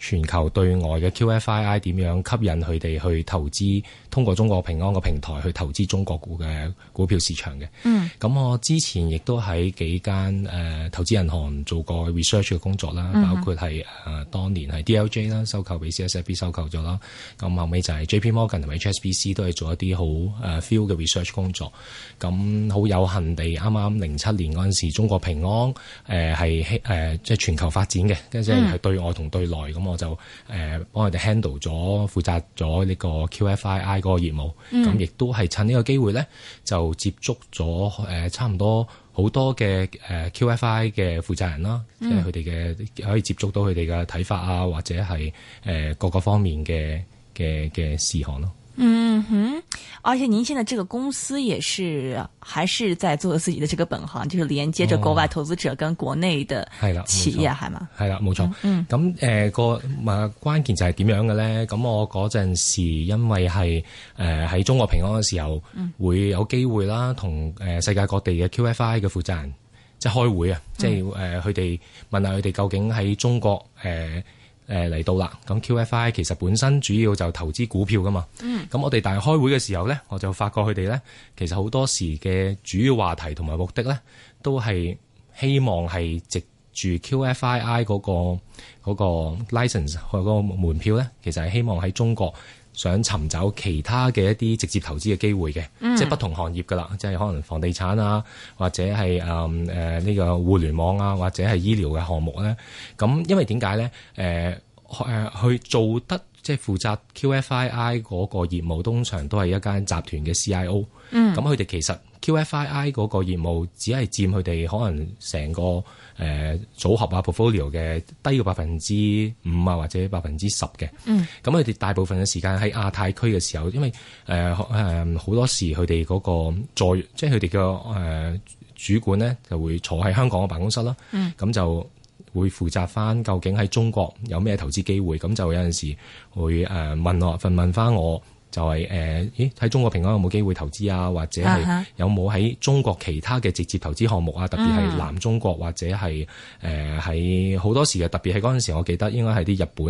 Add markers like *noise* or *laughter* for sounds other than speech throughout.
全球對外嘅 QFII 點樣吸引佢哋去投資，通過中國平安嘅平台去投資中國股嘅股票市場嘅。嗯，咁我之前亦都喺幾間誒、呃、投資銀行做過 research 嘅工作啦，包括係誒、呃嗯、當年係 DLJ 啦收購俾 CSFB 收購咗啦。咁後尾就係 JP Morgan 同埋 HSBC 都係做一啲好誒 feel 嘅 research 工作。咁好有幸地，啱啱零七年嗰陣時中國平安誒係誒即係全球發展嘅，即、就、係、是、對外同對內咁。嗯我就誒幫佢哋 handle 咗，負責咗呢個 QFII 嗰個業務，嗯，咁亦都係趁呢個機會咧，就接觸咗誒差唔多好多嘅誒 QFI 嘅負責人啦，嗯、即係佢哋嘅可以接觸到佢哋嘅睇法啊，或者係誒、呃、各個方面嘅嘅嘅事項咯。嗯哼，而且您現在這個公司也是，還是在做自己的這個本行，就是連接着國外投資者跟國內的，企業係啊，係、哦、嘛，係啦，冇錯，咁誒個關鍵就係點樣嘅呢？咁我嗰陣時因為係誒喺中國平安嘅時候，會有機會啦，同誒世界各地嘅 QFII 嘅負責人即係開會啊、嗯，即係誒佢哋問下佢哋究竟喺中國誒。呃誒嚟到啦，咁 QFII 其實本身主要就投資股票噶嘛，咁、嗯、我哋大係開會嘅時候咧，我就發覺佢哋咧，其實好多時嘅主要話題同埋目的咧，都係希望係藉住 QFII 嗰、嗰個嗰、嗰個、license 嗰個門票咧，其實係希望喺中國。想尋找其他嘅一啲直接投資嘅機會嘅，即係不同行業㗎喇，即係可能房地產啊，或者係誒誒呢個互聯網啊，或者係醫療嘅項目咧。咁因為點解咧？誒誒去做得即係負責 QFII 嗰個業務，通常都係一間集團嘅 CIO。嗯，咁佢哋其實。QFII 嗰個業務只係佔佢哋可能成個誒、呃、組合啊 portfolio 嘅低過百分之五啊或者百分之十嘅。嗯。咁佢哋大部分嘅時間喺亞太區嘅時候，因為誒好、呃嗯、多時佢哋嗰個在即係佢哋嘅主管咧就會坐喺香港嘅辦公室啦。嗯。咁就會負責翻究竟喺中國有咩投資機會，咁就有陣時會誒、呃、問我，問問翻我。就係、是、誒，咦？喺中國平安有冇機會投資啊？或者係有冇喺中國其他嘅直接投資項目啊？Uh -huh. 特別係南中國或者係誒喺好多時啊。特別係嗰陣時，我記得應該係啲日本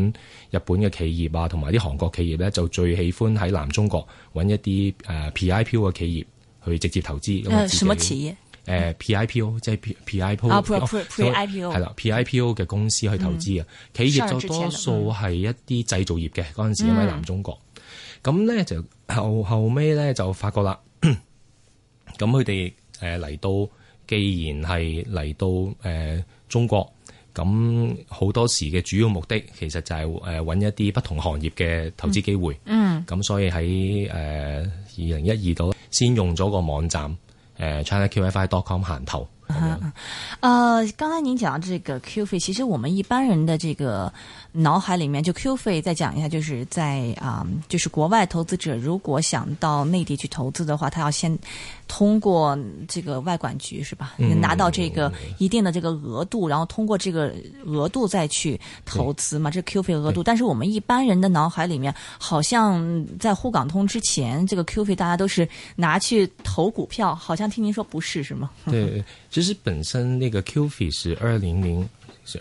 日本嘅企業啊，同埋啲韓國企業咧，就最喜歡喺南中國揾一啲誒、呃、P I P O 嘅企業去直接投資。嗯、呃，什麼企業？誒、呃、P I P O 即係 P I P O Pre Pre Pre I P O 係啦，P I P O 嘅公司去投資啊。Mm -hmm. 企業就多數係一啲製造業嘅嗰陣時，因為南中國。Mm -hmm. 咁咧就後後尾咧就發覺啦，咁佢哋誒嚟到，既然係嚟到誒、呃、中國，咁好多時嘅主要目的，其實就係誒揾一啲不同行業嘅投資機會。嗯、咁、嗯、所以喺誒二零一二度先用咗個網站誒、呃、ChinaQFII.com 行投。嗯、呃，剛才您講的這個 Q 費，其實我們一般人的這個腦海裡面，就 Q 費再講一下，就是在啊、嗯，就是國外投資者如果想到內地去投資的話，他要先通過這個外管局是吧、嗯？拿到這個一定的這個額度，然後通過這個額度再去投資嘛，這 Q 費額度。但是我們一般人的腦海裡面，好像在滬港通之前，這個 Q 費大家都是拿去投股票，好像聽您說不是是嗎？對，其實。是本身那個 QFII 是二零零。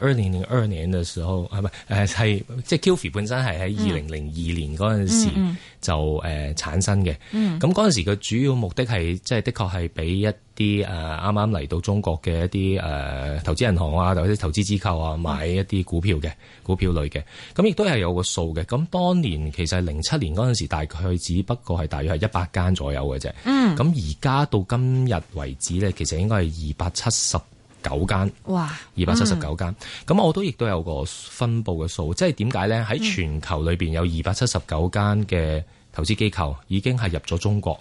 二零零二年嘅時候，係咪？誒係，即係 QFII 本身係喺二零零二年嗰陣時就誒產生嘅。咁嗰陣時嘅主要目的係，即係的確係俾一啲誒啱啱嚟到中國嘅一啲誒投資銀行啊，或者投資機構啊買一啲股票嘅股票類嘅。咁亦都係有個數嘅。咁當年其實零七年嗰陣時，大概只不過係大約係一百間左右嘅啫。咁而家到今日為止咧，其實應該係二百七十九間，間，哇，二百七十九間，咁我都亦都有個分布嘅數，即係點解咧？喺全球裏邊有二百七十九間嘅投資機構已經係入咗中國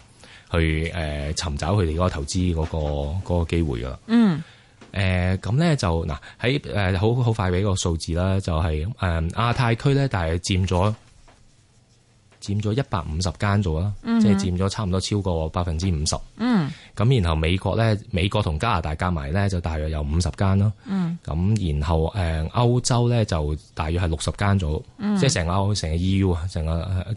去，誒、呃、尋找佢哋嗰個投資嗰個嗰個機會噶啦。嗯，誒、呃，咁咧就嗱喺誒好好快俾個數字啦，就係誒亞太區咧，但係佔咗。佔咗一百五十間咗啦，即係佔咗差唔多超過百分之五十。咁然後美國咧，美國同加拿大加埋咧就大約有五十間咯。咁、mm -hmm. 然後誒歐、呃、洲咧就大約係六十間咗，mm -hmm. 即係成歐成 E.U. 啊，成個。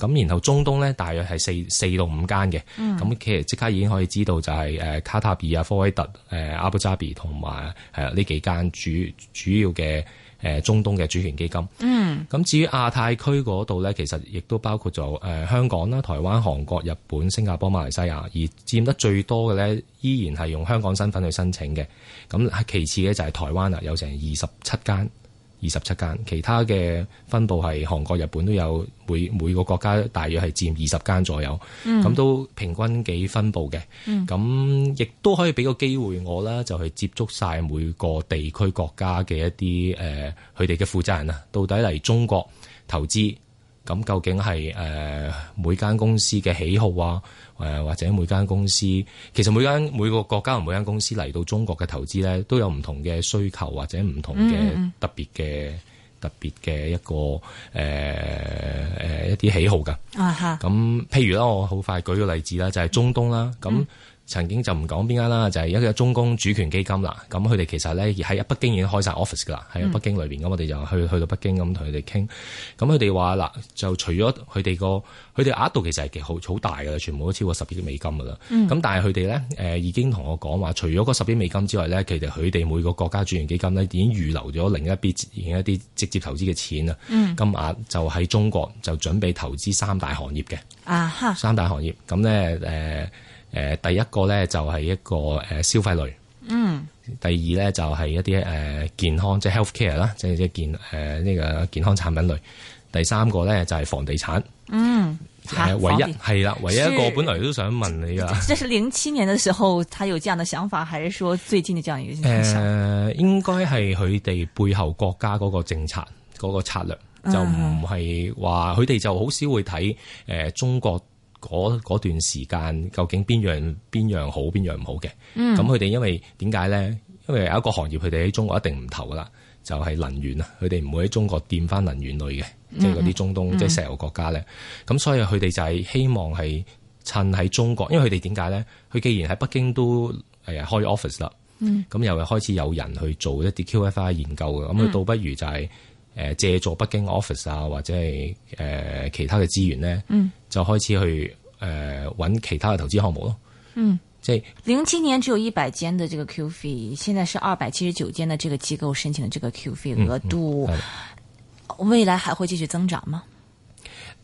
咁然後中東咧大約係四四到五間嘅。咁、mm -hmm. 其實即刻已經可以知道就係、是、誒、呃、卡塔爾啊、科威特、誒、呃、阿布扎比同埋誒呢幾間主主要嘅。誒，中東嘅主權基金。嗯，咁至於亞太區嗰度呢，其實亦都包括咗誒香港啦、台灣、韓國、日本、新加坡、馬來西亞，而佔得最多嘅呢，依然係用香港身份去申請嘅。咁其次呢，就係台灣啦，有成二十七間。二十七間，其他嘅分佈係韓國、日本都有，每每個國家大約係佔二十間左右，咁、嗯、都平均幾分佈嘅，咁、嗯、亦都可以俾個機會我啦，就去接觸晒每個地區國家嘅一啲誒佢哋嘅負責人啊，到底嚟中國投資。咁究竟係誒、呃、每間公司嘅喜好啊、呃，或者每間公司其實每間每個國家同每間公司嚟到中國嘅投資咧，都有唔同嘅需求或者唔同嘅特別嘅、嗯、特別嘅一個誒、呃呃、一啲喜好㗎。咁、啊、譬如啦，我好快舉個例子啦，就係、是、中東啦。咁、嗯曾經就唔講邊間啦，就係、是、一個中公主權基金啦。咁佢哋其實咧，喺北京已經開晒 office 噶啦，喺北京裏邊，咁，我哋就去去到北京咁同佢哋傾。咁佢哋話啦，就除咗佢哋個佢哋額度其實係好好大噶啦，全部都超過十億美金噶啦。咁、嗯、但係佢哋咧，誒已經同我講話，除咗嗰十億美金之外咧，其實佢哋每個國家主權基金咧已經預留咗另一邊另一啲直接投資嘅錢啊，金、嗯、額就喺中國就準備投資三大行業嘅啊三大行業咁咧、嗯呃、第一個咧就係、是、一個、呃、消費類，嗯。第二咧就係、是、一啲誒、呃、健康，即係 health care 啦，即係即係健呢個健康產品類。第三個咧就係、是、房地產，嗯。啊、唯一係啦，唯一一個本來都想問你噶。這是零七年的時候，他有這樣的想法，還是說最近的這樣一個？誒、呃，應該係佢哋背後國家嗰個政策嗰、那個策略，就唔係話佢哋就好少會睇誒、呃、中國。嗰嗰段時間究竟邊樣邊樣好邊樣唔好嘅？咁佢哋因為點解呢？因為有一個行業佢哋喺中國一定唔投噶啦，就係、是、能源啊！佢哋唔會喺中國掂翻能源類嘅，即係嗰啲中東、嗯、即係石油國家呢。咁、嗯、所以佢哋就係希望係趁喺中國，因為佢哋點解呢？佢既然喺北京都係開 office 啦，咁、嗯、又開始有人去做一啲 QFII 研究嘅，咁佢倒不如就係、是。誒、呃，借助北京 office 啊，或者係誒、呃、其他嘅資源咧、嗯，就開始去誒揾、呃、其他嘅投資項目咯。嗯，即係零七年只有一百間嘅呢個 QFII，現在是二百七十九間嘅呢個機構申請嘅呢個 QFII 額度、嗯嗯，未來還會繼續增長嗎？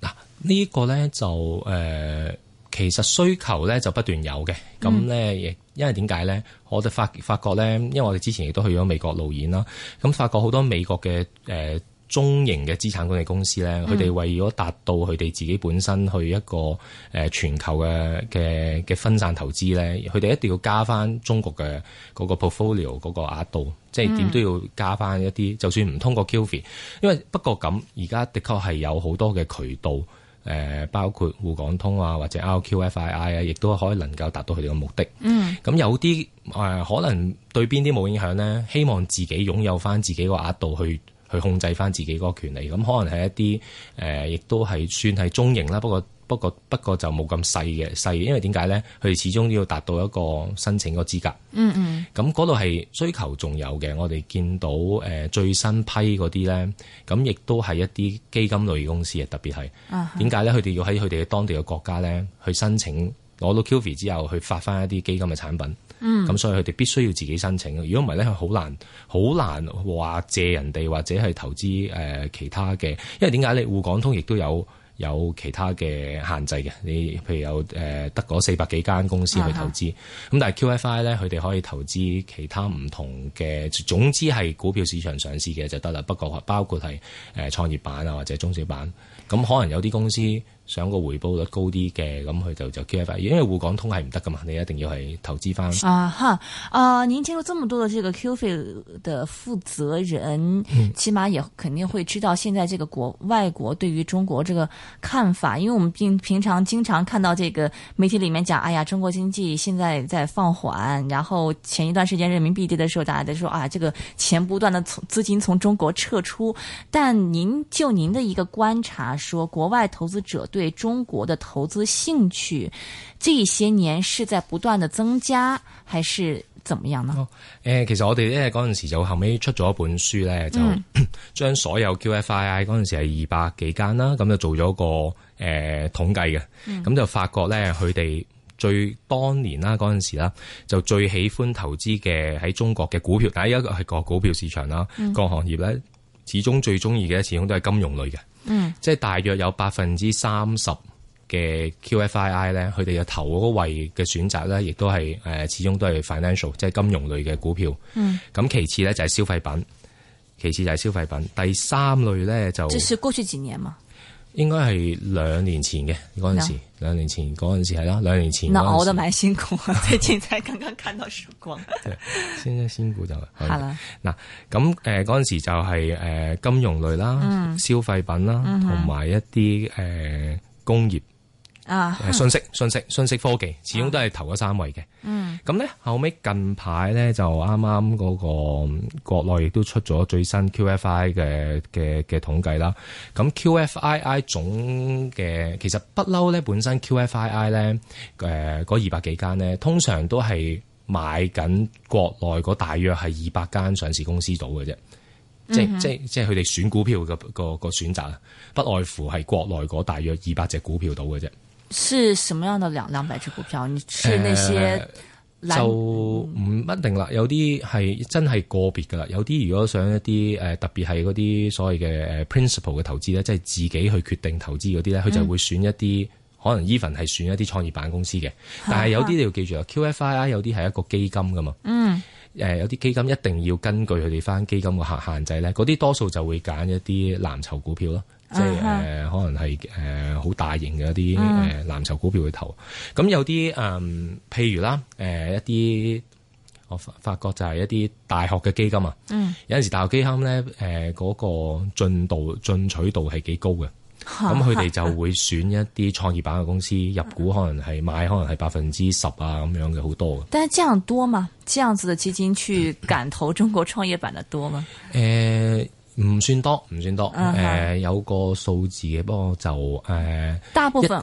嗱、啊，這個、呢個咧就誒。呃其實需求咧就不斷有嘅，咁咧亦因為點解咧？我哋發發覺咧，因為我哋之前亦都去咗美國路演啦，咁發覺好多美國嘅誒中型嘅資產管理公司咧，佢哋為咗達到佢哋自己本身去一個誒全球嘅嘅嘅分散投資咧，佢哋一定要加翻中國嘅嗰個 portfolio 嗰個額度，即係點都要加翻一啲，就算唔通過 QFII，因為不過咁而家的確係有好多嘅渠道。誒包括滬港通啊，或者 RQFII 啊，亦都可以能夠達到佢哋嘅目的。嗯，咁有啲誒、呃、可能對邊啲冇影響咧？希望自己擁有翻自己個額度去去控制翻自己個權利。咁可能係一啲誒，亦、呃、都係算係中型啦。不過。不過不過就冇咁細嘅細，因為點解咧？佢哋始終都要達到一個申請個資格。嗯嗯。咁嗰度係需求仲有嘅，我哋見到、呃、最新批嗰啲咧，咁亦都係一啲基金類公司啊，特別係點解咧？佢、哦、哋要喺佢哋嘅當地嘅國家咧去申請攞到 QFII 之後，去發翻一啲基金嘅產品。咁、嗯、所以佢哋必須要自己申請，如果唔係咧，佢好難好難話借人哋或者係投資、呃、其他嘅，因為點解你滬港通亦都有。有其他嘅限制嘅，你譬如有誒得嗰四百幾間公司去投資，咁，但係 QFII 咧佢哋可以投資其他唔同嘅，總之係股票市場上市嘅就得啦。不過包括係誒創業板啊或者中小板咁，可能有啲公司。想個回報率高啲嘅，咁佢就就 QF，因為滬港通係唔得噶嘛，你一定要係投資翻。啊哈，啊，您請到咁多嘅這個 QFII 的負責人，起碼也肯定會知道現在這個國外國對於中國這個看法，因為我們平平常經常看到這個媒體裡面講，哎呀，中國經濟現在在放緩，然後前一段時間人民幣跌的時候，大家都說啊，這個錢不斷的從資金從中國撤出，但您就您的一個觀察，說國外投資者。對中國的投資興趣，這些年是在不斷的增加，還是怎麼樣呢？誒、哦呃，其實我哋咧嗰陣時就後尾出咗一本書咧、嗯，就將所有 QFII 嗰陣時係二百幾間啦，咁就做咗個誒、呃、統計嘅，咁、嗯、就發覺咧佢哋最當年啦嗰陣時啦，就最喜歡投資嘅喺中國嘅股票，但係一個係個股票市場啦、嗯，各行業咧始終最中意嘅始終都係金融類嘅。嗯，即係大約有百分之三十嘅 QFII 咧，佢哋嘅頭個位嘅選擇咧，亦都係誒始終都係 financial 即係金融類嘅股票。嗯，咁其次咧就係消費品，其次就係消費品，第三類咧就，即係過去幾年嘛？應該係兩年前嘅嗰陣時、no. 兩時，兩年前嗰陣時係啦，兩年前。嗱，我都買仙股啊， *laughs* 最近才剛剛看到曙光。 *laughs* 對先先仙股就係啦。嗱，咁誒嗰陣時就係、是、誒、呃、金融類啦、嗯、消費品啦，同、嗯、埋一啲誒、呃、工業啊、uh -huh.，信息、信息、信息科技，始終都係頭嗰三位嘅。嗯、uh -huh.。咁咧後尾近排咧就啱啱嗰個國內亦都出咗最新 QFII 嘅嘅嘅統計啦。咁 QFII 總嘅其實不嬲咧，本身 QFII 咧誒嗰二百幾間咧，通常都係買緊國內嗰大約係二百間上市公司到嘅啫。即係、uh -huh. 即係即係佢哋選股票嘅、嗰個、嗰個選擇，不外乎係國內嗰大約二百隻股票到嘅啫。是什麼樣的兩兩百隻股票？你是那些、呃、就唔一定啦，有啲係真係個別噶啦，有啲如果想一啲誒、呃，特別係嗰啲所謂嘅誒 principal 嘅投資咧，即、就、係、是、自己去決定投資嗰啲咧，佢就會選一啲、嗯、可能 even 係選一啲創業板公司嘅，但係有啲你要記住啊 QFII 有啲係一個基金噶嘛，嗯、呃，誒有啲基金一定要根據佢哋翻基金嘅限限制咧，嗰啲多數就會揀一啲藍籌股票咯。即係誒、呃，可能係誒好大型嘅一啲誒、呃、藍籌股票去投，咁、嗯、有啲誒、呃，譬如啦，誒、呃、一啲我發，發覺就係一啲大學嘅基金啊、嗯，有陣時大學基金咧，誒、呃、嗰、那個進度進取度係幾高嘅，咁佢哋就會選一啲創業板嘅公司、嗯、入股，可能係買，可能係百分之十啊咁樣嘅好多。但係這樣多嗎，這樣子嘅基金去敢投中國創業板得多嗎？誒、 *laughs* 呃。唔算多，唔算多。誒、uh -huh. 呃、有個數字嘅，不過就誒、呃、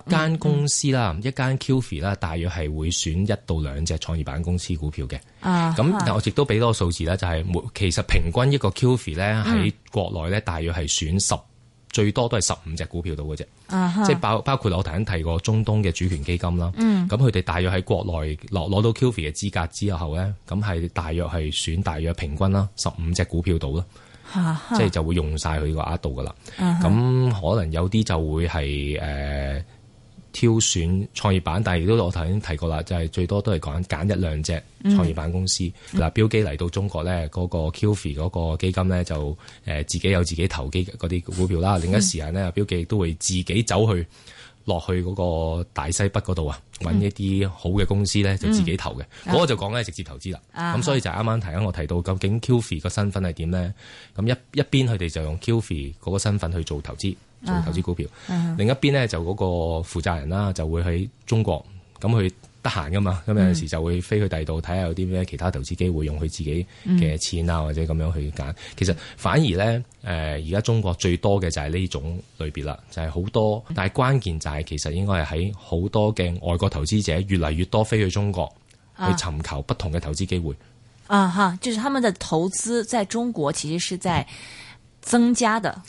一間公司啦，uh -huh. 一間 QFII 啦，大約係會選一到兩隻創業板公司股票嘅。咁、uh -huh.，但我亦都俾多個數字咧，就係、是、每其實平均一個 QFII 咧喺國內咧，大約係選十、uh -huh. 最多都係十五隻股票度嘅啫。Uh -huh. 即係包包括我頭先提過中東嘅主權基金啦。咁佢哋大約喺國內攞攞到 QFII 嘅資格之後咧，咁係大約係選大約平均啦十五隻股票度啦。 *noise* 即係就會用晒佢個額度噶啦，咁、uh -huh. 可能有啲就會係誒、呃、挑選創業板，但係亦都我頭先提過啦，就係、是、最多都係講緊揀一兩隻創業板公司。嗱，標記嚟到中國咧，嗰、那個 QFII 嗰個基金咧就自己有自己投機嗰啲股票啦，uh -huh. 另一時間咧標記都會自己走去。落去嗰個大西北嗰度啊，揾一啲好嘅公司咧，就自己投嘅。嗰、嗯、個就講緊直接投資啦。咁、嗯、所以就啱啱提我提到，究竟 QFII 個身份係點咧？咁一一邊佢哋就用 QFII 嗰個身份去做投資，做投資股票。嗯嗯、另一邊咧就嗰個負責人啦，就會喺中國咁去。得閒噶嘛，咁有陣時就會飛去第二度睇下有啲咩其他投資機會，用佢自己嘅錢啊，或者咁樣去揀。其實反而咧，誒而家中國最多嘅就係呢種類別啦，就係好多。但係關鍵就係，其實應該係喺好多嘅外國投資者越嚟越多飛去中國，去尋求不同嘅投資機會。啊吓，就是他們嘅投資在中國其實是在增加的。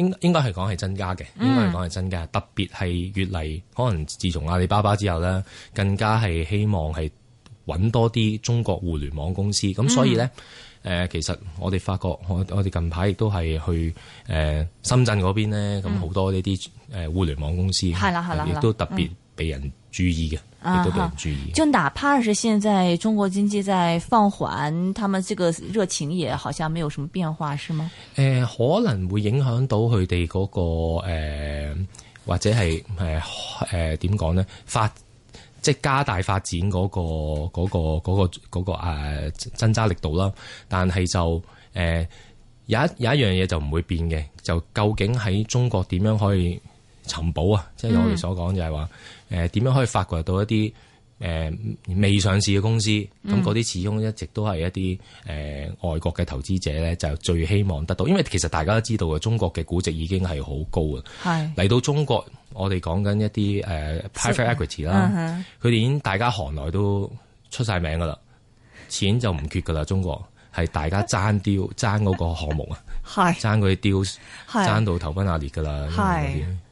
應應該係講係增加嘅，應該係講係增加，特別係越嚟可能自從阿里巴巴之後咧，更加係希望係揾多啲中國互聯網公司。咁、嗯、所以咧、呃，其實我哋發覺，我我哋近排亦都係去誒、呃、深圳嗰邊咧，咁好多呢啲互聯網公司，係啦係啦，亦都特別畀人，嗯注意嘅，亦都俾人注意、啊。就哪怕是現在中國經濟在放緩，他們這個熱情也好像沒有什麼變化，是嗎？誒、呃，可能會影響到佢哋嗰個誒、呃，或者係誒誒點講咧，發即係加大發展嗰、那個嗰、那個嗰、那個嗰、那個誒、那個啊、增加力度啦。但係就誒、呃、有一有一樣嘢就唔會變嘅，就究竟喺中國點樣可以？尋寶啊！即係我哋所講就係話，誒、嗯、點、呃、樣可以發掘到一啲、呃、未上市嘅公司？咁嗰啲始終一直都係一啲、呃、外國嘅投資者咧，就最希望得到。因為其實大家都知道嘅，中國嘅估值已經係好高啊。嚟到中國，我哋講緊一啲 private equity 啦，佢、呃、哋、呃、已經大家行內都出晒名噶啦，錢就唔缺噶啦。中國係大家爭掉爭嗰個項目啊，爭嗰啲 deal，爭到頭崩額裂噶啦。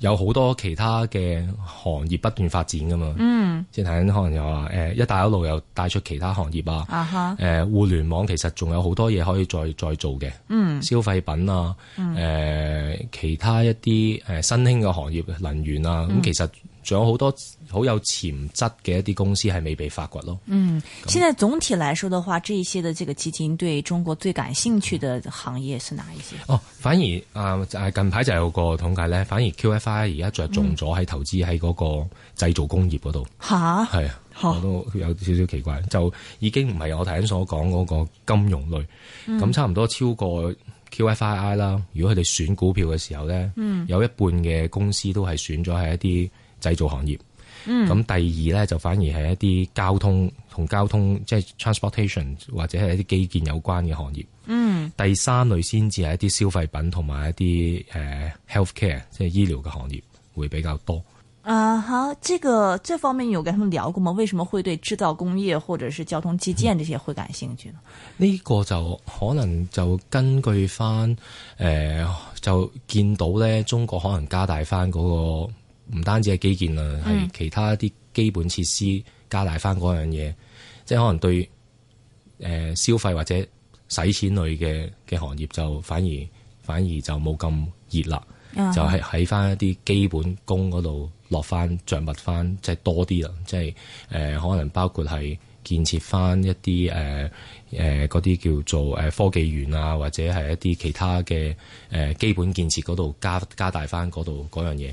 有好多其他嘅行業不斷發展噶嘛，嗯，即係可能又話誒一帶一路又帶出其他行業啊，啊哈、呃、互聯網其實仲有好多嘢可以再再做嘅，嗯，消費品啊，嗯呃、其他一啲新興嘅行業能源啊，咁、嗯、其實仲有好多好有潛質嘅一啲公司係未被發掘咯。嗯，現在總體來說嘅話，這一些的這個基金對中國最感興趣的行業是哪一些？哦，反而誒誒、呃，近排就有個統計咧，反而 QFII 而家着重咗喺投資喺嗰個製造工業嗰度吓，係、嗯、我都有少少奇怪，就已經唔係我頭先所講嗰個金融類咁，嗯、差唔多超過 QFII 啦。如果佢哋選股票嘅時候咧、嗯，有一半嘅公司都係選咗喺一啲。製造行業，咁、嗯、第二咧就反而係一啲交通同交通即係、就是、transportation 或者係一啲基建有關嘅行業、嗯。第三類先至係一啲消費品同埋一啲、uh, health care 即係醫療嘅行業會比較多。啊，哈，這個這方面有跟他們聊過嗎？為什麼會對製造工業或者是交通基建這些會感興趣呢？呢、嗯這個就可能就根據翻、呃、就見到咧，中國可能加大翻、那、嗰個。唔單止係基建啊，係其他一啲基本設施加大翻嗰樣嘢，即係可能對誒消費或者使錢類嘅嘅行業就反而反而就冇咁熱啦。就係喺翻一啲基本工嗰度落翻着物翻，即係多啲啦。即係誒可能包括係建設翻一啲誒誒嗰啲叫做誒科技園啊，或者係一啲其他嘅誒基本建設嗰度加加大翻嗰度嗰樣嘢。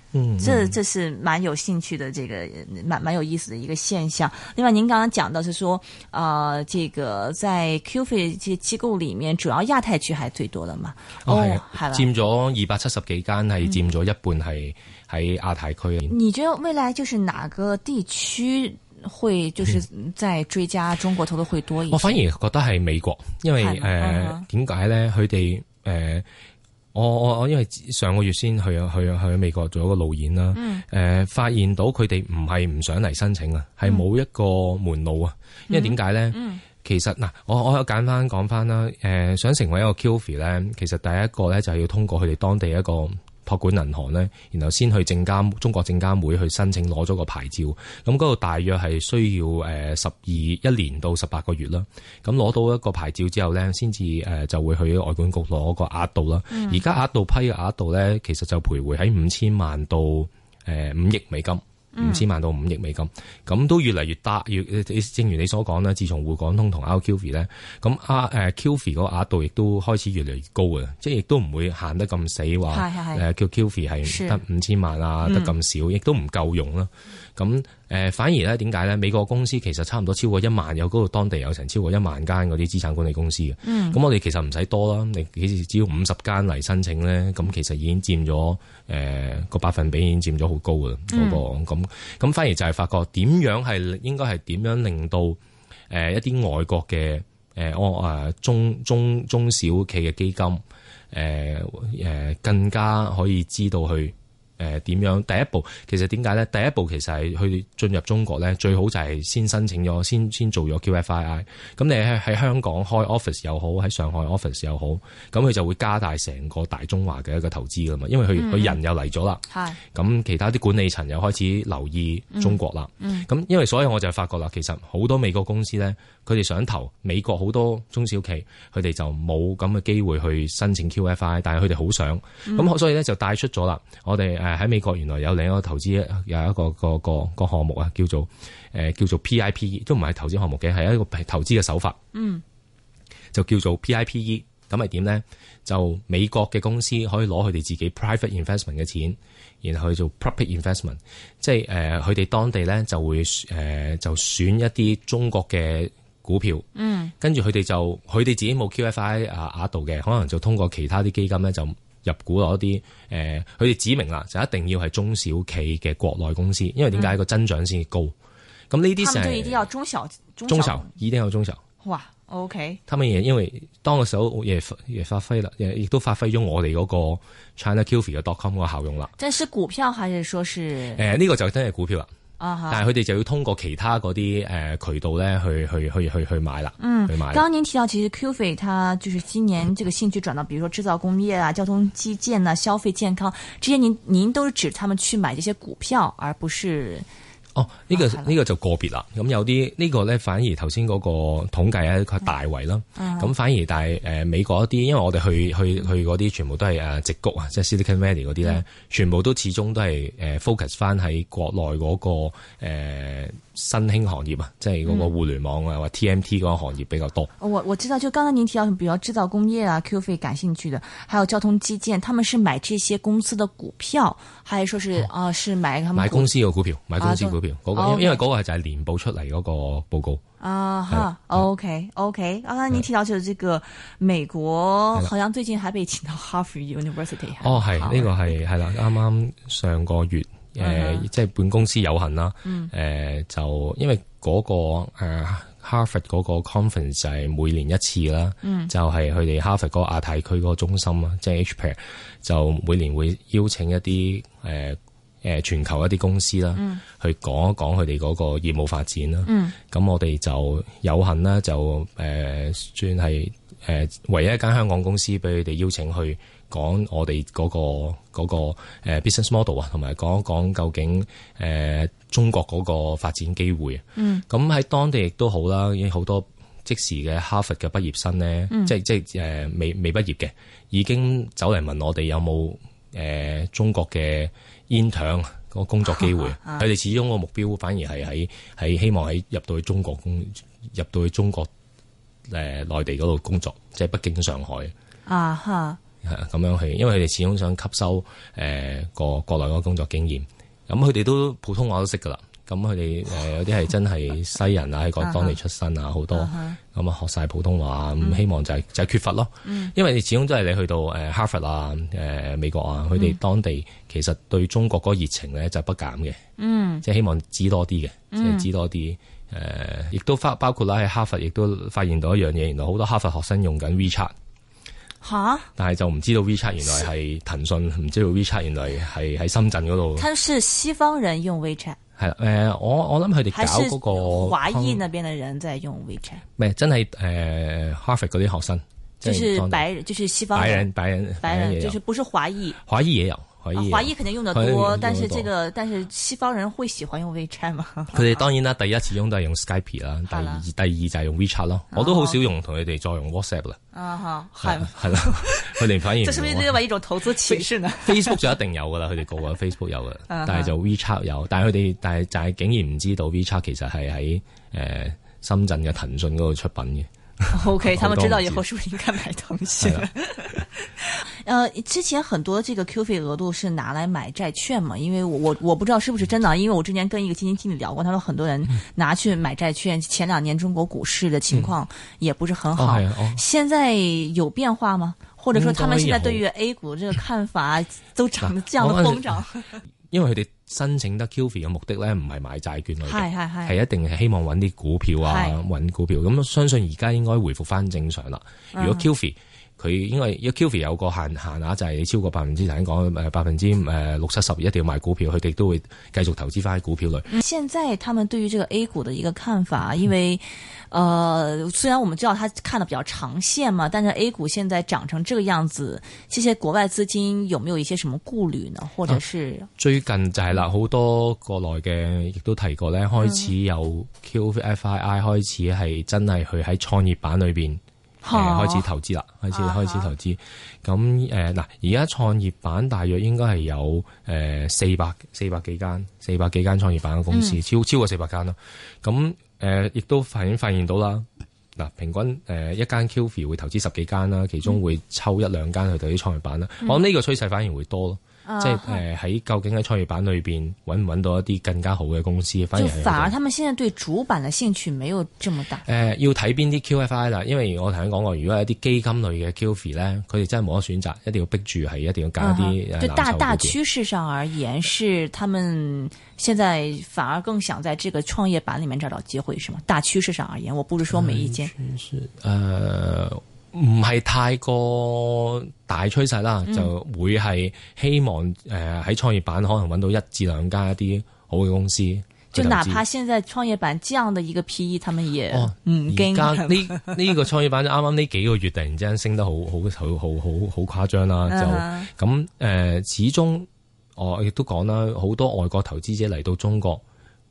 嗯，這這是蠻有興趣的，這個蠻蠻有意思的一個現象。另外，您剛剛講到是說，啊、呃，這個在 QFII 這機構裏面，主要亞太區還最多的嘛？哦、係、哦、啊，係佔咗二百七十幾間，係佔咗一半，係、嗯、喺亞太區。你覺得未來就是哪個地區會就是在追加中國投資會多一些？些 *laughs* 我反而覺得係美國，因為誒，點解呢？佢哋，誒。他們呃我我我因為上個月先去去去，去美國做一個路演啦，誒、嗯呃、發現到佢哋唔係唔想嚟申請啊，係、嗯、冇一個門路啊。因為點解咧？其實嗱、呃，我我簡單講翻啦，誒、呃、想成為一個 QFII 咧，其實第一個咧就係要通過佢哋當地一個。託管銀行呢，然後先去證監，中國證監會去申請攞咗個牌照，咁嗰度大約係需要誒十二一年到十八個月啦。咁攞到一個牌照之後呢，先至誒就會去外管局攞個額度啦。而家額度批嘅額度呢，其實就徘徊喺五千萬到誒五億美金。五千萬到五億美金，咁、嗯、都越嚟越大，越正如你所講啦。自從滬港通同 Al、啊啊、QFII 咧，咁阿誒 QFII 嗰額度亦都開始越嚟越高嘅，即係亦都唔會行得咁死話誒、啊，叫 QFII 係得五千萬啊，得咁少，亦都唔夠用啦。咁。反而咧，點解咧？美國公司其實差唔多超過一萬，有嗰度當地有成超過一萬間嗰啲資產管理公司嘅。咁、嗯、我哋其實唔使多啦，你幾時只要五十間嚟申請咧？咁其實已經佔咗誒個百分比，已經佔咗好高啦。嗰咁咁反而就係發覺，點樣係應該係點樣令到誒一啲外國嘅誒我中中中小企嘅基金誒、呃呃、更加可以知道去。誒、點樣、第一步其實點解咧？第一步其實係去進入中國咧，最好就係先申請咗，先先做咗 QFII。咁你喺喺香港開 office 又好，喺上海 office 又好，咁佢就會加大成個大中華嘅一個投資噶嘛。因為佢佢、嗯、人又嚟咗啦，係、咁其他啲管理層又開始留意中國啦。咁、嗯嗯、因為所以我就發覺啦，其實好多美國公司咧。佢哋想投美國好多中小企，佢哋就冇咁嘅機會去申請 QFI，但係佢哋好想，咁、嗯、所以咧就帶出咗啦。我哋誒喺美國原來有另一個投資，有一個一個一個個項目啊，叫做誒、呃、叫做 PIPE，都唔係投資項目嘅，係一個投資嘅手法。嗯，就叫做 PIPE，咁係點咧？就美國嘅公司可以攞佢哋自己 private investment 嘅錢，然後去做 property investment，即係誒佢哋當地咧就會誒、呃、就選一啲中國嘅股票，嗯，跟住佢哋就佢哋自己冇 QFII 啊額度嘅，可能就通過其他啲基金咧就入股攞啲，誒、呃，佢哋指明啦，就一定要係中小企嘅國內公司，因為點解個增長先至高？咁呢啲要中小，中小，已啲有中小。哇，OK。咁啊嘢，因為當個時候也發揮啦，亦都發揮咗我哋嗰個 China QFII 嘅 dotcom 個效用啦。即係股票還是說是，誒、呃，呢、這個就真係股票啦。哦、但係佢哋就要通過其他嗰啲誒渠道咧去去去去去買啦。嗯，去買。剛剛您提到其實 QFII 它就是今年這個興趣轉到，比如說製造工業啊、交通基建啊、消費健康這些，您您都是指他們去買這些股票，而不是。哦，呢、這個呢、這個就個別啦。咁有啲呢、這個咧，反而頭先嗰個統計係大圍啦。咁、嗯、反而但係美國一啲，因為我哋去去去嗰啲全部都係誒矽谷啊，即係 Silicon Valley 嗰啲咧，全部都始終都係 focus 翻喺國內嗰、那個、呃新興行業啊，即係嗰個互聯網啊、嗯，或 TMT 嗰個行業比較多。我我知道，就剛剛您提到，什麼比如製造工業啊，QFII 感興趣的，還有交通基建，他們是買這些公司的股票，還是說是啊、嗯呃，是買他們？買公司的股票，買公司的股票個、啊，因為嗰、啊、個係就係年報出嚟嗰個報告。啊，OK 哈 OK，剛剛、啊、您提到就係這個美國，好像最近還被請到哈佛 University。哦，係呢、這個係係啦，啱啱上個月。誒、uh -huh. 呃，即、就、係、是、本公司有幸啦。誒、呃，就因為嗰、那個哈佛嗰個 conference 就係每年一次啦。Uh -huh. 就係佢哋哈佛嗰個亞太區嗰個中心啊，即、就、係、是、h p r HPAIR 就每年會邀請一啲誒、呃、全球一啲公司啦，uh -huh. 去講一講佢哋嗰個業務發展啦。咁、uh -huh. 我哋就有幸啦，就誒、呃、算係誒、呃、唯一一間香港公司俾佢哋邀請去。講我哋嗰、那個嗰、那個呃、business model 啊，同埋講一講究竟誒、呃、中國嗰個發展機會。嗯，咁喺當地亦都好啦、嗯呃，已經好多即時嘅哈佛嘅畢業生咧，即即未未畢業嘅已經走嚟問我哋有冇誒、呃、中國嘅 intern 嗰工作機會。佢 *laughs* 哋始終個目標反而係喺希望喺入到去中國工入到去中國誒內地嗰度工作，即係北京、上海。啊 *laughs* *laughs* 係咁樣去，因為佢哋始終想吸收誒個、呃、國內嗰工作經驗。咁佢哋都普通話都識㗎啦。咁佢哋誒有啲係真係西人啊，喺 *laughs* 個當地出身啊，好多咁啊 *laughs* 學晒普通話。咁、嗯、希望就係、是、就係、是、缺乏咯。嗯、因為你始終都係你去到誒、呃、哈佛啊、呃、美國啊，佢、嗯、哋當地其實對中國嗰個熱情咧就是、不減嘅。嗯，即係希望知多啲嘅、嗯，即係知多啲。誒、呃，亦都包包括啦喺哈佛，亦都發現到一樣嘢，原來好多哈佛學生用緊 WeChat。吓！但係就唔知道 WeChat 原來係騰訊，唔知道 WeChat 原來係喺深圳嗰度。佢係西方人用 WeChat。係、呃、誒，我我諗佢哋搞嗰、那個。還是華裔那邊嘅人在用 WeChat。咩？真係誒、呃，Harvard 嗰啲學生。就是白人，就是西方白人，白人，白人，就是不是華裔，華裔也有。華、啊、疑肯定，肯定用得多，但是這個，但是西方人會喜歡用 WeChat 嘛。佢哋當然啦，uh -huh. 第一始終都係用 Skype 啦，第二、uh -huh. 第二就係用 WeChat 咯、uh -huh.，我都好少用，同佢哋再用 WhatsApp 啦。係係啦，佢、uh、哋 -huh. uh -huh. 反而， *laughs* 這是，是另外一種投資歧視呢 *laughs* ？Facebook 就一定有噶啦，佢哋個個，個的 Facebook 有噶，uh -huh. 但係就 WeChat 有，但係佢哋但係就係竟然唔知道 WeChat 其實係喺誒深圳嘅騰訊嗰度出品嘅。OK，、uh -huh. *laughs* 他們知道以後，是不是應該買騰訊？ *laughs* *laughs* 呃之前很多這個 Q 費額度是拿來買債券嘛？因為我我我不知道是不是真的，因為我之前跟一個基金經理聊過，他說很多人拿去買債券。前兩年中國股市的情況也不是很好，嗯哦，是啊，現在有變化嗎？或者說他們現在對於 A 股這個看法都長這樣的崩咗？因為佢哋申請得 Q 費嘅目的呢，唔係買債券嚟嘅，係係係，係一定係希望揾啲股票啊，揾股票。相信而家應該回復翻正常啦。如果 Q 費。嗯佢因為 QFII 有個限限額，就係超過百分之頭先講誒百分之誒六七十，一定要賣股票。佢亦都會繼續投資翻喺股票裏。現在，他們對於這個 A 股的一個看法，因為，呃，雖然我們知道他看得比較長線嘛，但是 A 股現在長成這個樣子，這些國外資金有沒有一些什麼顧慮呢？或者是、啊、最近就係啦，好多國內嘅亦都提過咧，開始有 QFII 開始係真係去喺創業板裏面。誒、啊，開始投資啦，開始、啊、開始投資。咁誒，嗱，而家創業板大約應該係有，誒、呃，四百四百幾間，四百幾間創業板嘅公司，超、嗯、超過四百間咯。咁，誒、呃，亦都發現發現到啦。嗱，平均，誒、呃，一間 QFII 會投資十幾間啦，其中會抽一兩間去投啲創業板啦、嗯。我諗呢個趨勢反而會多咯。 *music* 即係誒，喺、呃、究竟喺創業板裏邊揾唔揾到一啲更加好嘅公司？反而反而，他們現在對主板的興趣沒有這麼大。誒、呃，要睇邊啲 QFII 啦，因為我頭先講過，如果係一啲基金類嘅 QFII 咧，佢哋真係冇得選擇，一定要逼住係一定要揀一啲就、 *music* 啊、大大趨勢上而言，是他們現在反而更想在這個創業板裏面找到機會，是嗎？大趨勢上而言，我不是說每一間，啊呃唔係太過大趨勢啦，就會係希望誒喺創業板可能揾到一至兩家一啲好嘅公司。就哪怕現在創業板這樣的一個 PE，他們也唔驚。而家呢呢個創業板就啱啱呢幾個月突然之間升得好好好好好誇張啦，就咁誒、uh -huh. 呃，始終我亦都講啦，好多外國投資者嚟到中國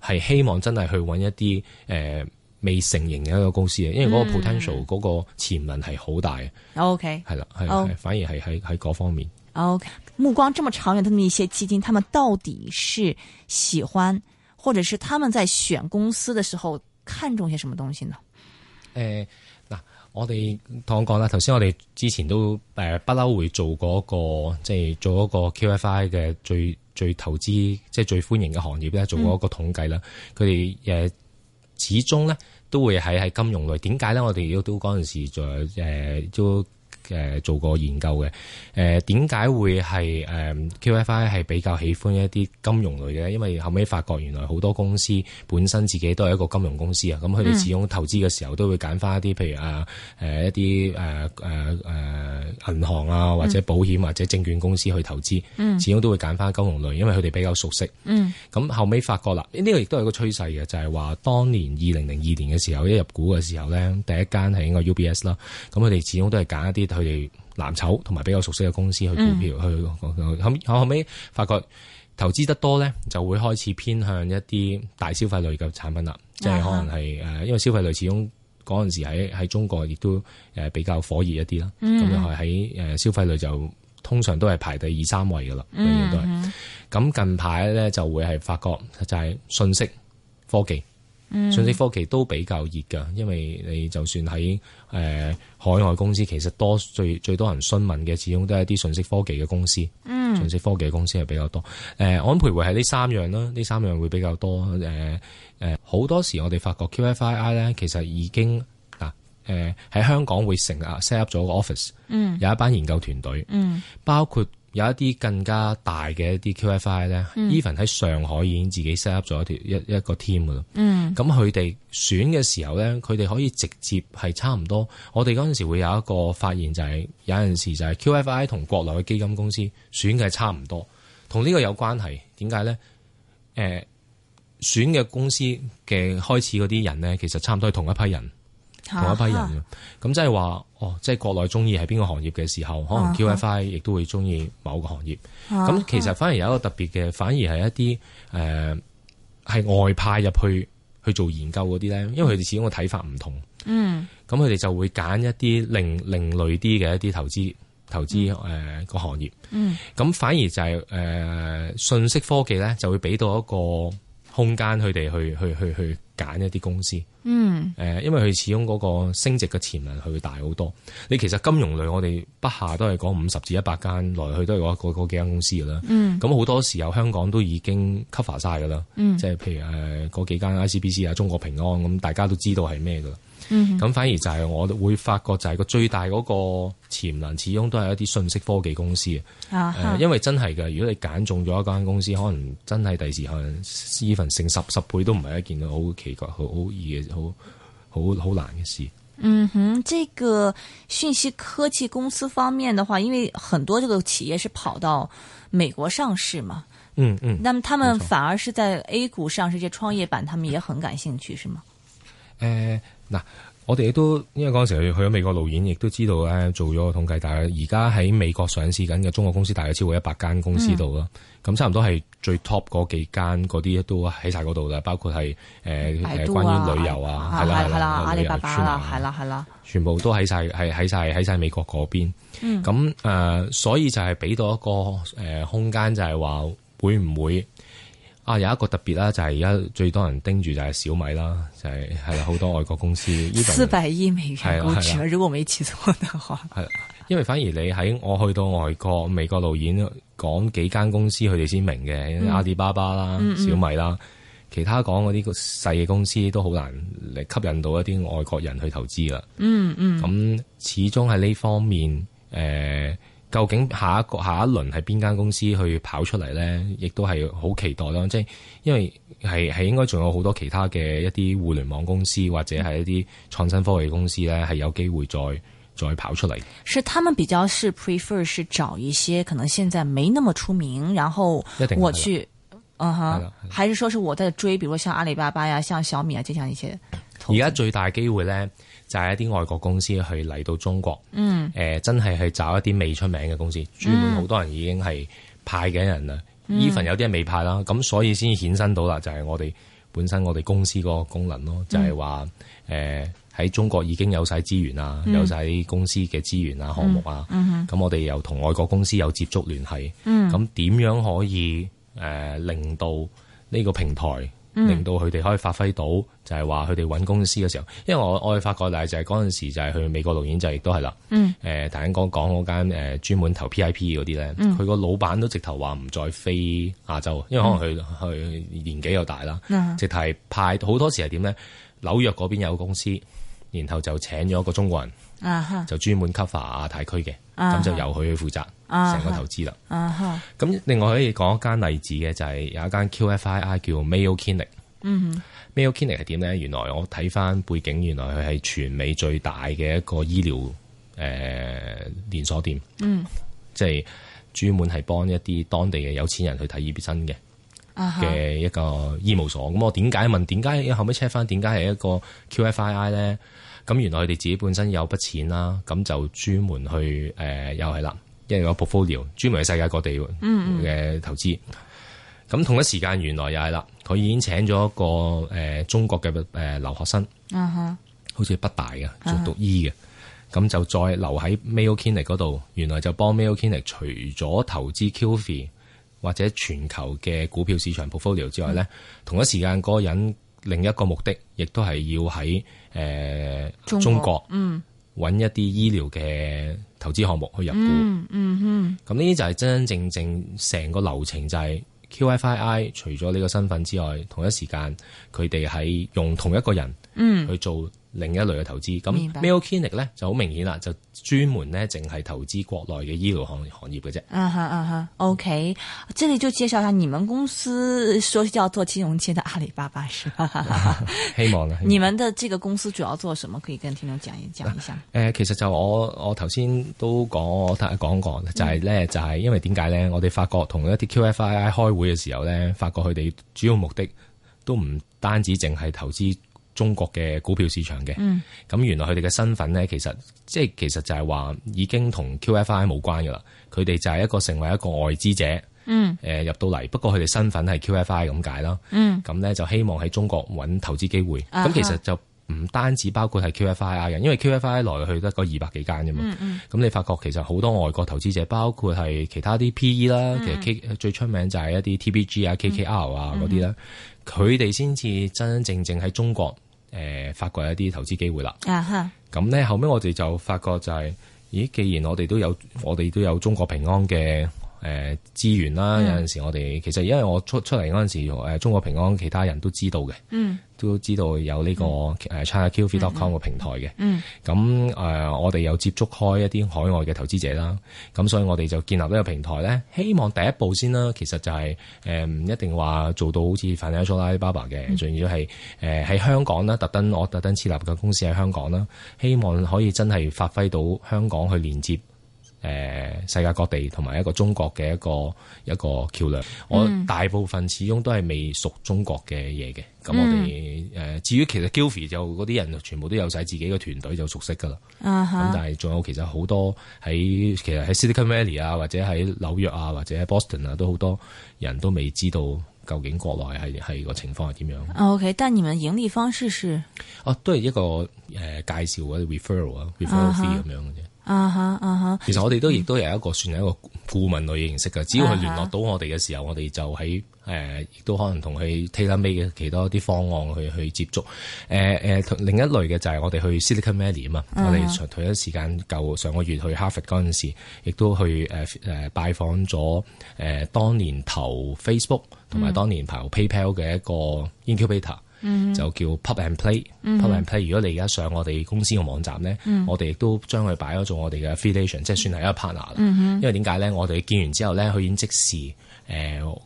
係希望真係去揾一啲誒。呃未成型嘅一個公司啊，因為嗰個 potential 嗰個潛能係好大嘅。O K，係啦，係、哦 okay, 哦、反而係喺喺嗰方面。哦、o、okay、K，目光這麼長遠，他們一些基金，他們到底是喜歡，或者是他們在選公司的時候看重些什麼東西呢？誒，嗱，我哋同我講啦，頭先我哋之前都誒不嬲會做嗰個，即係做嗰個 QFI 嘅最最投資，即係最歡迎嘅行業咧，做過一個統計啦。佢哋誒。.始終咧都會喺喺金融類，點解咧？我哋亦都嗰陣時就誒都、呃誒做過研究嘅，誒點解會係誒、呃、QFI 係比較喜歡一啲金融類嘅？因為後尾發覺原來好多公司本身自己都係一個金融公司啊，咁佢哋始終投資嘅時候都會揀翻一啲，譬如啊一啲誒誒銀行啊，或者保險、嗯、或者證券公司去投資、嗯，始終都會揀翻金融類，因為佢哋比較熟悉。咁、嗯、後尾發覺啦，呢、這個亦都係一個趨勢嘅，就係、是、話當年二零零二年嘅時候一入股嘅時候咧，第一間係應該 UBS 啦，咁佢哋始終都係揀一啲。佢哋藍籌同埋比較熟悉嘅公司去股票、嗯、去，後尾發覺投資得多咧，就會開始偏向一啲大消費類嘅產品啦、嗯，即係可能係誒，因為消費類始終嗰陣時喺喺中國亦都誒比較火熱一啲啦，咁又係喺誒消費類就通常都係排第二三位噶啦，咁、嗯、近排咧就會係發覺就係信息科技。嗯、信息科技都比較熱嘅，因為你就算喺誒、呃、海外公司，其實多最最多人詢問嘅，始終都係一啲信息科技嘅公司。嗯，信息科技嘅公司係比較多。誒、呃，我諗徘徊喺呢三樣啦，呢三樣會比較多。誒、呃、誒，好、呃、多時我哋發覺 Q F I I 咧，其實已經嗱誒喺香港會成立 set up 咗個 office，嗯，有一班研究團隊，嗯，嗯包括。有一啲更加大嘅一啲 QFI 咧，Even 喺上海已經自己 set up 咗一條一一個 team 噶啦。嗯，咁佢哋選嘅時候咧，佢哋可以直接係差唔多。我哋嗰陣時會有一個發現就係、是、有陣時就係 QFI 同國內嘅基金公司選嘅係差唔多，同呢個有關係，點解咧？誒，選嘅公司嘅開始嗰啲人咧，其實差唔多係同一批人。同一批人，咁即係話，哦，即係國內中意喺邊個行業嘅時候，可能 QFII 亦都會中意某個行業。咁、啊、其實反而有一個特別嘅，反而係一啲誒係外派入去去做研究嗰啲咧，因為佢哋始終個睇法唔同。嗯，咁佢哋就會揀一啲另另類啲嘅一啲投資投資誒個行業。嗯、咁、嗯、反而就係、是、誒、呃、信息科技咧，就會俾到一個。空間佢哋去去去去揀一啲公司，嗯，誒，因為佢始終嗰個升值嘅潛能係會大好多。你其實金融類我哋不下都係講五十至一百間，來去都係嗰嗰嗰幾間公司噶啦。嗯，咁好多時候香港都已經 cover 晒噶啦。嗯，即係譬如誒嗰幾間 ICBC 啊、中國平安咁，大家都知道係咩噶。咁、嗯、反而就係我會發覺就係個最大嗰個潛能始終都係一啲信息科技公司嘅，誒、啊呃啊，因為真係嘅，如果你揀中咗一間公司，可能真係第時可能依份成十十倍都唔係一件好奇怪、好好易嘅好好好難嘅事。嗯哼，這個信息科技公司方面的話，因為很多這個企業是跑到美國上市嘛，嗯嗯，那麼他們反而是在 A 股上市，即創業板，他們也很感興趣，是嗎？誒、嗯。嗯。嗱、啊，我哋都因為嗰陣時去咗美國路演，亦都知道咧做咗個統計，但係而家喺美國上市緊嘅中國公司大概超過一百間公司度咯。咁、嗯、差唔多係最 top 嗰幾間嗰啲都喺晒嗰度啦，包括係誒、呃啊、關於旅遊啊，係啦係啦、啊，阿里巴巴係啦係啦，全部都喺晒喺喺晒喺美國嗰邊。咁、嗯、誒、啊，所以就係俾到一個誒空間，就係話會唔會？啊，有一個特別啦，就係而家最多人盯住就係小米啦，就係係啦，好多外國公司，四百億美元，如果如果我冇記錯嘅話。係，因為反而你喺我去到外國美國路演講幾間公司他們才，佢哋先明嘅，阿里巴巴啦、嗯、小米啦，嗯嗯、其他講嗰啲細嘅公司都好難嚟吸引到一啲外國人去投資啦。嗯嗯，咁始終喺呢方面誒。呃究竟下一個下一輪係邊間公司去跑出嚟呢？亦都係好期待咯。即係因為係係應該仲有好多其他嘅一啲互聯網公司或者係一啲創新科技公司呢，係有機會再再跑出嚟。是他們比較是 prefer 是找一些可能現在沒那麼出名，然後我去，嗯哼，還是說是我在追，比如說像阿里巴巴呀、啊、像小米啊，就像一些。而家最大的機會呢就係、是、一啲外國公司去嚟到中國，誒、嗯呃、真係去找一啲未出名嘅公司，嗯、專門好多人已經係派緊人啦。e、嗯、n 有啲未派啦，咁所以先衍生到啦。就係我哋本身我哋公司個功能咯、嗯，就係話誒喺中國已經有晒資源啊、嗯，有晒公司嘅資源啊、項目啊。咁、嗯、我哋又同外國公司有接觸聯繫，咁點樣可以誒、呃、令到呢個平台，令到佢哋可以發揮到，就係話佢哋揾公司嘅時候，因為我我發覺就係嗰陣時就係去美國路演，就亦都係啦。嗯。誒、呃，頭先講講嗰間誒專門投 P I P 嗰啲咧，佢、嗯、個老闆都直頭話唔再飛亞洲，因為可能佢佢、嗯、年紀又大啦、嗯，直係派好多時係點咧？紐約嗰邊有個公司，然後就請咗個中國人，嗯、就專門 cover 亞太區嘅。咁就由佢去負責成、啊、個投資啦。咁、啊啊、另外可以講一間例子嘅就係有一間 QFII 叫 Mayo Clinic、嗯。Mayo Clinic 係點咧？原來我睇翻背景，原來佢係全美最大嘅一個醫療誒、呃、連鎖店。嗯，即、就、係、是、專門係幫一啲當地嘅有錢人去睇醫生嘅嘅一個醫務所。咁、啊啊、我點解問？點解後尾 check 翻？點解係一個 QFII 咧？咁原來佢哋自己本身有筆錢啦，咁就專門去誒、呃、又係啦，因為有 portfolio 專門喺世界各地嘅投資。咁、嗯嗯、同一時間原來又係啦，佢已經請咗一個、呃、中國嘅、呃、留學生，啊、好似北大嘅做讀醫嘅，咁、啊、就再留喺 Mayo Clinic 嗰度。原來就幫 Mayo Clinic 除咗投資 QFII 或者全球嘅股票市場 portfolio 之外咧、嗯，同一時間嗰、那個人另一個目的亦都係要喺，誒、呃，中國，嗯，搵一啲醫療嘅投資項目去入股，嗯，嗯哼，咁呢啲就係真真正正成個流程就係 QFII 除咗呢個身份之外，同一時間佢哋係用同一個人，嗯，去做。另一類嘅投資，咁 Mediokinic 咧就好明顯啦，就專門呢淨係投資國內嘅醫療行行業嘅啫。啊哈啊哈，OK，這裏就介紹一下你們公司，說叫做金融界的阿里巴巴是、啊。希望呢，你們的這個公司主要做什麼？可以跟聽眾講一講一下。誒、啊呃，其實就我我頭先都講我講過就係、是、咧就係、是、因為點解咧？我哋發覺同一啲 QFII 開會嘅時候咧，發覺佢哋主要目的都唔單止淨係投資。中國嘅股票市場嘅，咁、嗯、原來佢哋嘅身份呢，其實即係其實就係話已經同 QFI 冇關噶啦，佢哋就係一個成為一個外資者，嗯、呃、入到嚟，不過佢哋身份係 QFI 咁解啦。咁、嗯、呢就希望喺中國揾投資機會，咁、啊、其實就唔單止包括係 QFI 啊，因為 QFI 來去得個二百幾間啫嘛。咁、嗯嗯、你發覺其實好多外國投資者，包括係其他啲 PE 啦、嗯，其實最出名就係一啲 TPG 啊、KKR 啊嗰啲啦，佢哋先至真真正正喺中國。誒發掘一啲投資機會啦，咁、啊、咧後尾，我哋就發覺就係、是，咦，既然我哋都有，我哋都有中國平安嘅。誒、呃、資源啦，嗯、有陣時我哋其實因為我出出嚟嗰陣時、呃，中國平安其他人都知道嘅、嗯，都知道有呢、這個、嗯呃、ChinaQFII.com 個平台嘅。咁、嗯、誒、嗯呃，我哋又接觸開一啲海外嘅投資者啦。咁所以我哋就建立呢個平台咧，希望第一步先啦，其實就係誒唔一定話做到好似 Financial Alibaba 嘅，仲、嗯、要係誒喺香港啦，特登我特登設立嘅公司喺香港啦，希望可以真係發揮到香港去連結。誒世界各地同埋一個中國嘅一個一個橋梁、嗯，我大部分始終都係未熟中國嘅嘢嘅。咁、嗯、我哋誒、呃、至於其實 Gulf 就嗰啲人全部都有晒自己嘅團隊就熟悉噶啦。咁、啊、但係仲有其實好多喺其實喺 Cleveland 啊，或者喺紐約啊，或者喺 Boston 啊，都好多人都未知道究竟國內係係個情況係點樣、啊。OK，但係你們盈利方式是？哦、啊，都係一個誒、呃、介紹啊 referral 啊，referral、啊、fee 咁、啊、樣嘅啫。啊吓啊吓，其實我哋都亦都有一個、嗯、算係一個顧問類形式嘅。只要佢聯絡到我哋嘅時候，啊、我哋就喺亦、呃、都可能同佢 tailor made 嘅其多一啲方案去去接觸。呃呃、另一類嘅就係我哋去 Silicon Valley 啊嘛，我哋同一時間就上個月去哈佛嗰陣時，亦都去、呃呃、拜訪咗誒、呃、當年投 Facebook 同埋當年投 PayPal 嘅一個 Incubator、嗯。嗯。Mm -hmm. 就叫 pop and play，pop and play、mm。-hmm. 如果你而家上我哋公司嘅網站咧，mm -hmm. 我哋亦都將佢擺咗做我哋嘅 relation，即係算係一個 partner。Mm -hmm. 因為點解咧？我哋見完之後咧，佢已經即時誒、呃、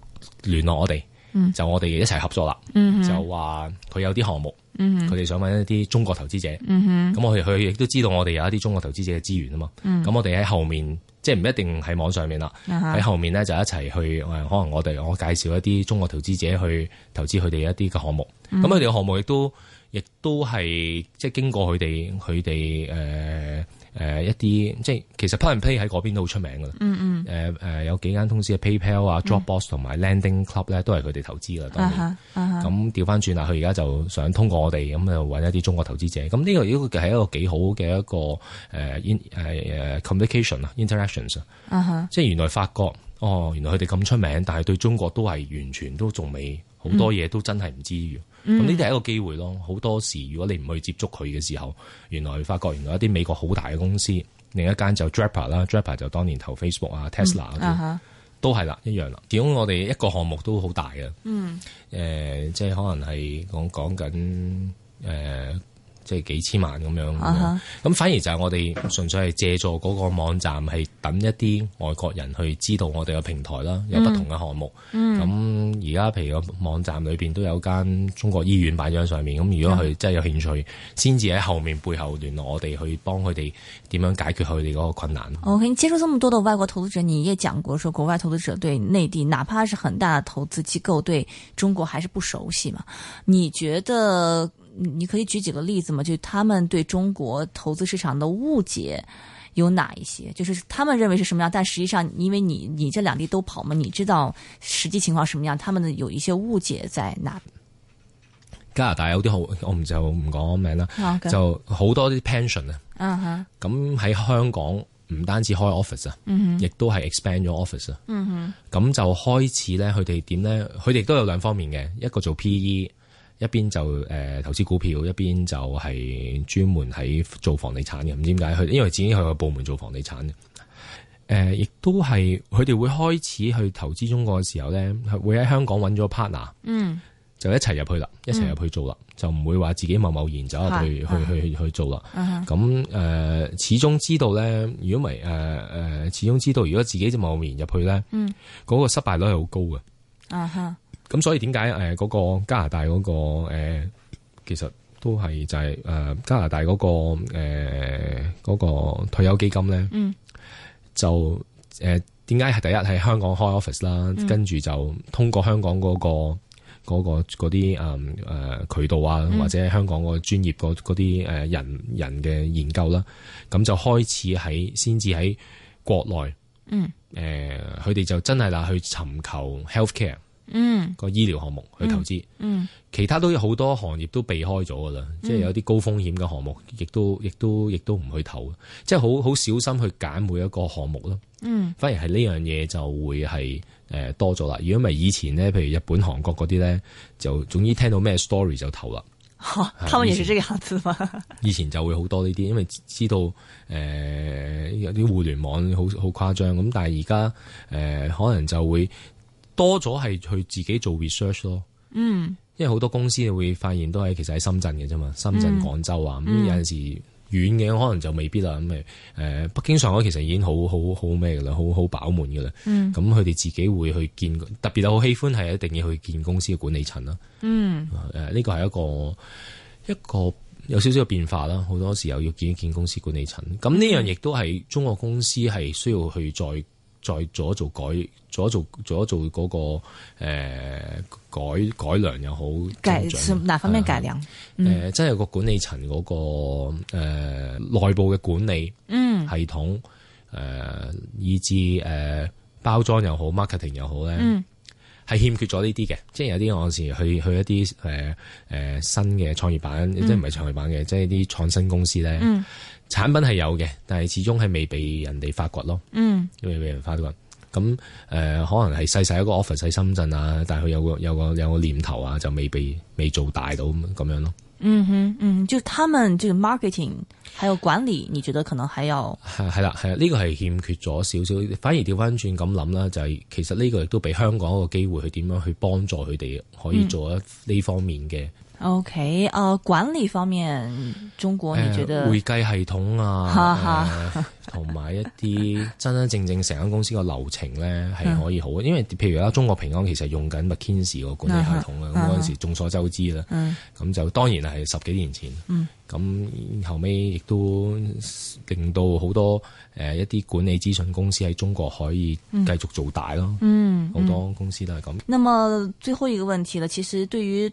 聯絡我哋，mm -hmm. 就我哋一齊合作啦。Mm -hmm. 就話佢有啲項目，佢哋想搵一啲中國投資者。咁我哋佢亦都知道我哋有一啲中國投資者嘅資源啊嘛。咁、mm -hmm. 我哋喺後面。即係唔一定喺網上面啦，喺後面咧就一齊去，可能我哋我介紹一啲中國投資者去投資佢哋一啲嘅項目，咁佢哋嘅項目亦都亦都係即係經過佢哋佢哋誒誒、呃、一啲即係其實 PayPal 喺嗰邊都好出名㗎。嗯嗯，呃、有幾間公司嘅 PayPal 啊 Dropbox 同、嗯、埋 Landing Club 咧都係佢哋投資㗎。啊咁調翻轉啦，佢而家就想通過我哋咁就搵一啲中國投資者，咁呢個亦係一個幾好嘅一個、呃、啊 communication interactions 啊 interactions 即係原來發覺哦原來佢哋咁出名，但係對中國都係完全都仲未好多嘢都真係唔知.咁呢啲係一個機會咯，好多時如果你唔去接觸佢嘅時候，原來發覺原來一啲美國好大嘅公司，另一間就 Draper 啦 Draper 就當年投 Facebook、嗯嗯、啊、Tesla 啲，都係啦，一樣啦，其中我哋一個項目都好大嘅，誒、嗯呃，即係可能係我講緊誒。呃即係幾千萬咁樣咁，咁、uh-huh. 反而就係我哋純粹係借助嗰個網站，係等一啲外國人去知道我哋嘅平台啦，有不同嘅項目。咁而家譬如個網站裏面都有間中國醫院擺咗喺上面。咁如果佢真係有興趣，先至喺後面背後聯絡我哋，去幫佢哋點樣解決佢哋嗰個困難。OK，接觸咁多的外國投資者，你也講過，說國外投資者對內地，哪怕是很大的投資機構，對中國還是不熟悉嘛？你覺得？你可以舉幾個例子嘛？就是、他們對中國投資市場的誤解有哪一些？就是他們認為是什麼樣，但實際上因為你你這兩地都跑嘛，你知道實際情況是什麼樣？他們有一些誤解在哪？加拿大有啲好，我唔就唔講名啦，okay. 就好多啲 pension 啊，咁喺香港唔單止開 office 啊，uh -huh. 亦都係 expand 咗 office 啊，咁、uh -huh. 就開始他們怎樣呢，佢哋點呢？佢哋都有兩方面嘅，一個做 PE。一邊就誒、呃、投資股票，一邊就係專門喺做房地產嘅。唔知點解佢，因為自己去個部門做房地產嘅。誒、呃，亦都係佢哋會開始去投資中國嘅時候咧，會喺香港揾咗 partner，嗯，就一齊入去啦，嗯，一齊入去做啦，就唔會話自己貿貿然走，嗯、去去去去做啦。咁，嗯、誒、呃，始終知道咧，如果唔係誒誒，始終知道如果自己就貿貿然入去咧，嗰，那個失敗率係好高嘅。啊、嗯嗯咁所以點解誒嗰個加拿大嗰、嗰個誒、呃，其實都係就係、係、誒、呃、加拿大嗰、嗰個誒嗰、呃嗰個退休基金咧、嗯，就誒點解係第一喺香港開 office 啦，跟、嗯、住就通過香港嗰、嗰個嗰、嗰個嗰啲誒誒渠道啊、嗯，或者香港個專業個嗰啲誒人人嘅研究啦，咁就開始喺先至喺國內，嗯誒佢哋就真係啦去尋求 health care。嗯，個醫療項目去投資，嗯，嗯，其他都有好多行業都避開咗噶啦，即係有啲高風險嘅項目，亦都亦都亦都唔去投，即係好好小心去揀每一個項目咯。嗯，反而係呢樣嘢就會係誒、呃、多咗啦。如果唔係以前咧，譬如日本、韓國嗰啲咧，就總之聽到咩 story 就投啦。吓、哦，他們也是這個樣子嗎？以前，以前就會好多呢啲，因為知道誒、呃、有啲互聯網好好誇張咁，但係而家誒可能就會。多咗係佢自己做 research 咯，嗯，因為好多公司會發現都係其實喺深圳嘅啫嘛，深圳、廣州啊，咁、嗯嗯、有陣時遠嘅可能就未必啦咁誒，北京、上海其實已經好好好咩噶啦，好好飽滿噶啦，咁佢哋自己會去見，特別我好喜歡係一定要去見公司嘅管理層啦，嗯，誒，呢個係一個一個有少少嘅變化啦，好多時候要見一見公司管理層，咁呢樣亦都係中國公司係需要去再。再做一做改，做一做做一做嗰、那個誒、呃、改改良又好，改哪方面改良？誒、即、呃、係、呃嗯呃、個管理層嗰、那個誒內、呃、部嘅管理系統誒、嗯呃，以至誒、呃、包裝又好、marketing 又好咧。嗯。係欠缺咗呢啲嘅，即係有啲我陣時去去一啲誒、呃、新嘅創業板、嗯，即係唔係創業板嘅，即係啲創新公司咧、嗯，產品係有嘅，但係始終係未被人哋發掘咯。嗯，因為未被人發掘，咁誒、呃、可能係細細一個 office 喺深圳啊，但係佢有個有個有個念頭啊，就未被未做大到咁樣咯。嗯哼，嗯，就他們這個 marketing 還有管理，你覺得可能還要係係啦，係啦，呢、這個係欠缺咗少少，反而調翻轉咁諗啦，就係、是、其實呢個亦都俾香港一個機會去點樣去幫助佢哋，可以做一呢方面嘅。嗯。O K，誒，管理方面，中國你覺得、呃、會計系統啊，同 *laughs* 埋、呃、一啲真真正正成間公司個流程咧，係 *laughs* 可以好，因為譬如家中國平安其實用緊麥肯錫個管理系統啊，咁嗰陣時眾所周知啦，咁 *laughs* 就當然係十幾年前，咁、 *laughs* 嗯、後尾亦都令到好多誒一啲管理諮詢公司喺中國可以繼續做大咯，好、嗯、多公司都係咁、嗯嗯。那麼最後一個問題咧，其實對於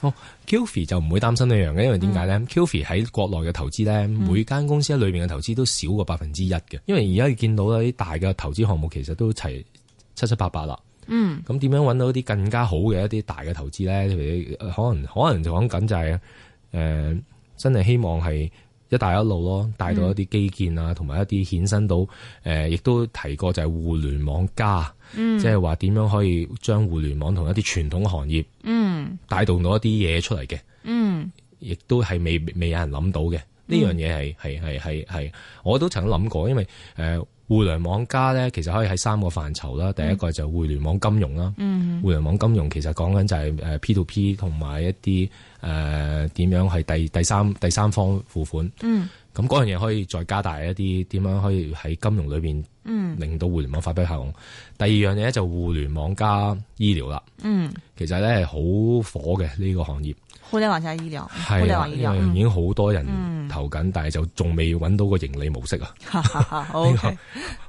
哦、oh，Kofi 就唔會擔心呢樣嘅，因為點解咧？Kofi 喺國內嘅投資咧，嗯、每間公司喺裏邊嘅投資都少過百分之一嘅，因為而家你見到啦，啲大嘅投資項目其實都齊七七八八啦。嗯，咁點樣揾到一啲更加好嘅一啲大嘅投資咧？譬如可能可能就講緊就係誒，真係希望係。一帶一路咯，帶到一啲基建啊，同埋一啲衍生到，誒、呃，亦都提過就係互聯網加，即係話點樣可以將互聯網同一啲傳統行業帶動到一啲嘢出嚟嘅，亦都係未未有人諗到嘅。呢、嗯、樣嘢係係係係係，我都曾經諗過，因為誒。呃。互聯網加咧，其實可以喺三個範疇啦。第一個就互聯網金融啦、嗯，互聯網金融其實講緊就係 P to P 同埋一啲誒點樣係第第三第三方付款。咁、嗯、嗰樣嘢可以再加大一啲點樣可以喺金融裏邊嗯令到互聯網發揮效用。第二樣嘢咧就互聯網加醫療啦、嗯，其實咧係好火嘅呢、這個行業。互聯網加醫療，互聯網醫療已經好多人投緊、嗯，但係就仲未揾到個盈利模式啊。 *music* *laughs*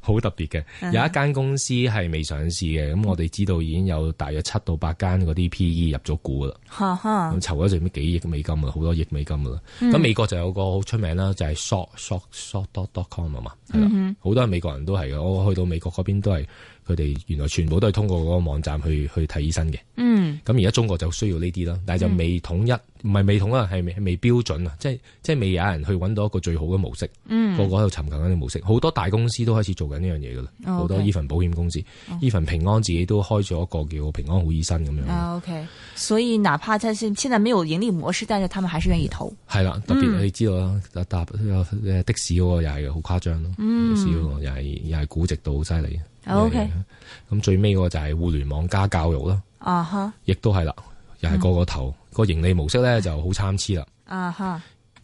好特別嘅， *music* 有一間公司係未上市嘅，咁 *music* 我哋知道已經有大約七到八間嗰啲 P E 入咗股啦。咁籌咗上面幾億美金啊，好多億美金噶啦。咁、嗯、美國就有個好出名啦，就係、是、short short short dot dot com 啊嘛，係啦，好、嗯、多美國人都係嘅。我去到美國嗰邊都係。佢哋原來全部都係通過嗰個網站去去睇醫生嘅。嗯。咁而家中國就需要呢啲啦，但係就未統一，唔、嗯、係未統一，係未，未標準啊、嗯，即係即係未有人去揾到一個最好嘅模式。嗯。個個喺度尋求緊嘅模式，好多大公司都開始做緊呢樣嘢噶啦。好多 even 保險公司，依、哦、份平安自己都開咗一個叫平安好醫生咁樣。啊，OK。所以哪怕即係現在沒有盈利模式，但是他們還是願意投。係、嗯、啦，特別你知道啦，搭的士嗰個又係好誇張咯。嗯。的士嗰個又係又係估值到好犀利。O K，咁最尾個就係互聯網加教育啦，啊哈，亦都係啦，又係個個頭，個、uh-huh. 盈利模式咧就好參差啦，啊哈。